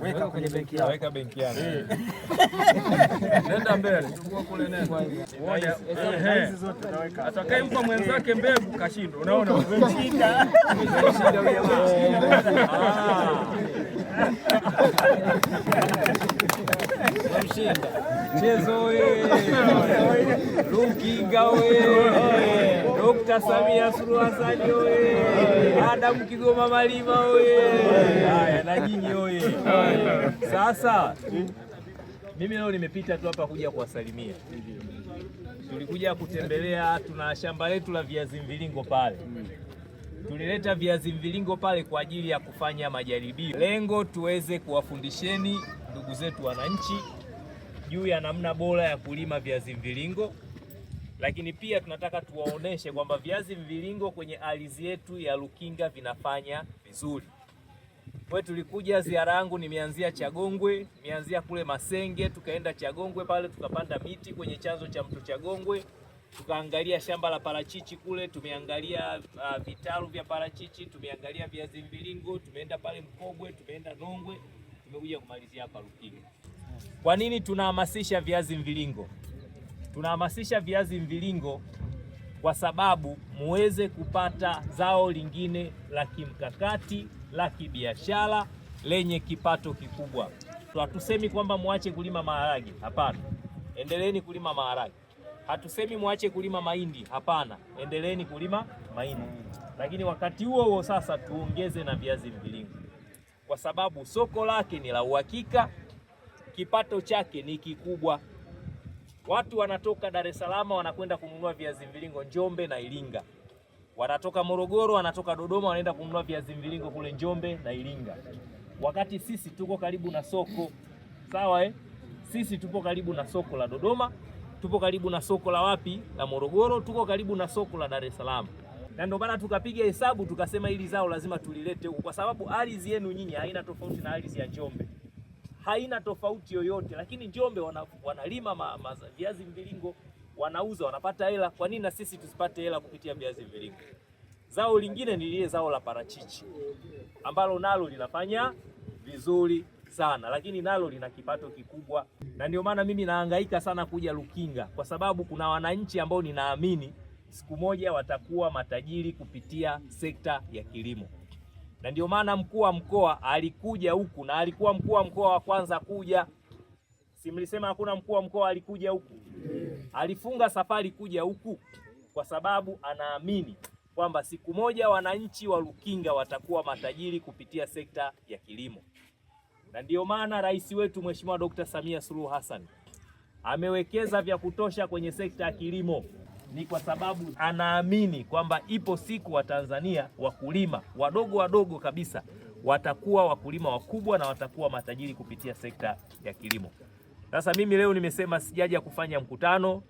weka kwenye benki yako, weka benki yako, nenda mbele, chukua kule, nenda hizi zote naweka. Atakayempa mwenzake mbegu kashindwa, unaona shida mchezo Mkinga oye! Dokta Samia Suluhu Hassan oye! Adamu Kigoma Malima oye! Haya na nyinyi oye! Sasa mimi leo nimepita tu hapa kuja kuwasalimia. Tulikuja kutembelea, tuna shamba letu la viazi mviringo pale tulileta viazi mviringo pale kwa ajili ya kufanya majaribio, lengo tuweze kuwafundisheni ndugu zetu wananchi juu ya namna bora ya kulima viazi mviringo lakini pia tunataka tuwaoneshe kwamba viazi mviringo kwenye ardhi yetu ya Lukinga vinafanya vizuri. Kwa tulikuja ziara yangu nimeanzia Chagongwe, nimeanzia kule Masenge, tukaenda Chagongwe pale tukapanda miti kwenye chanzo cha mto Chagongwe, tukaangalia shamba la parachichi kule, tumeangalia uh, vitalu vya parachichi, tumeangalia viazi mviringo, tumeenda pale Mkogwe, tumeenda Nongwe, tumekuja kumalizia hapa Lukinga. Kwa nini tunahamasisha viazi mviringo? tunahamasisha viazi mviringo kwa sababu muweze kupata zao lingine la kimkakati la kibiashara lenye kipato kikubwa. Hatusemi kwamba muache kulima maharage, hapana, endeleeni kulima maharage. Hatusemi muache kulima mahindi, hapana, endeleeni kulima mahindi, lakini wakati huo huo sasa tuongeze na viazi mviringo kwa sababu soko lake ni la uhakika, kipato chake ni kikubwa. Watu wanatoka Dar es Salaam wanakwenda kununua viazi mviringo Njombe na Iringa, wanatoka Morogoro, wanatoka Dodoma, wanaenda kununua viazi mviringo kule Njombe na Iringa, wakati sisi tuko karibu na soko sawa, eh? Sisi tupo karibu na soko la Dodoma, tupo karibu na soko la wapi la Morogoro, tuko karibu na soko la Dar es Salaam, na ndio maana tukapiga hesabu tukasema hili zao lazima tulilete huku, kwa sababu ardhi yenu nyinyi haina tofauti na ardhi ya Njombe haina tofauti yoyote, lakini Njombe wana, wanalima ma, ma, viazi mviringo wanauza wanapata hela. Kwa nini na sisi tusipate hela kupitia viazi mviringo? Zao lingine ni lile zao la parachichi ambalo nalo linafanya vizuri sana, lakini nalo lina kipato kikubwa, na ndio maana mimi naangaika sana kuja Lukinga, kwa sababu kuna wananchi ambao ninaamini siku moja watakuwa matajiri kupitia sekta ya kilimo na ndio maana mkuu wa mkoa alikuja huku na alikuwa mkuu wa mkoa wa kwanza kuja. Si mlisema hakuna mkuu wa mkoa alikuja huku? Alifunga safari kuja huku kwa sababu anaamini kwamba siku moja wananchi wa Lukinga watakuwa matajiri kupitia sekta ya kilimo, na ndio maana rais wetu Mheshimiwa Dr. Samia Suluhu Hassan amewekeza vya kutosha kwenye sekta ya kilimo ni kwa sababu anaamini kwamba ipo siku Watanzania wakulima wadogo wadogo kabisa watakuwa wakulima wakubwa na watakuwa matajiri kupitia sekta ya kilimo. Sasa mimi leo nimesema sijaja kufanya mkutano,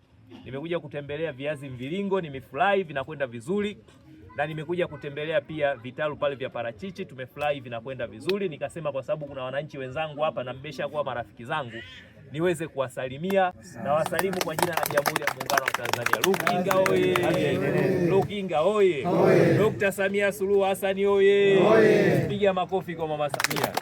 nimekuja kutembelea viazi mviringo, nimefurahi vinakwenda vizuri, na nimekuja kutembelea pia vitalu pale vya parachichi, tumefurahi vinakwenda vizuri. Nikasema kwa sababu kuna wananchi wenzangu hapa na mmeshakuwa marafiki zangu, niweze kuwasalimia na wasalimu kwa jina la Jamhuri ya Muungano wa Tanzania. Lukinga oye! Lukinga oye! dokta Samia Suluhu Hassan oye! Piga makofi kwa Mama Samia.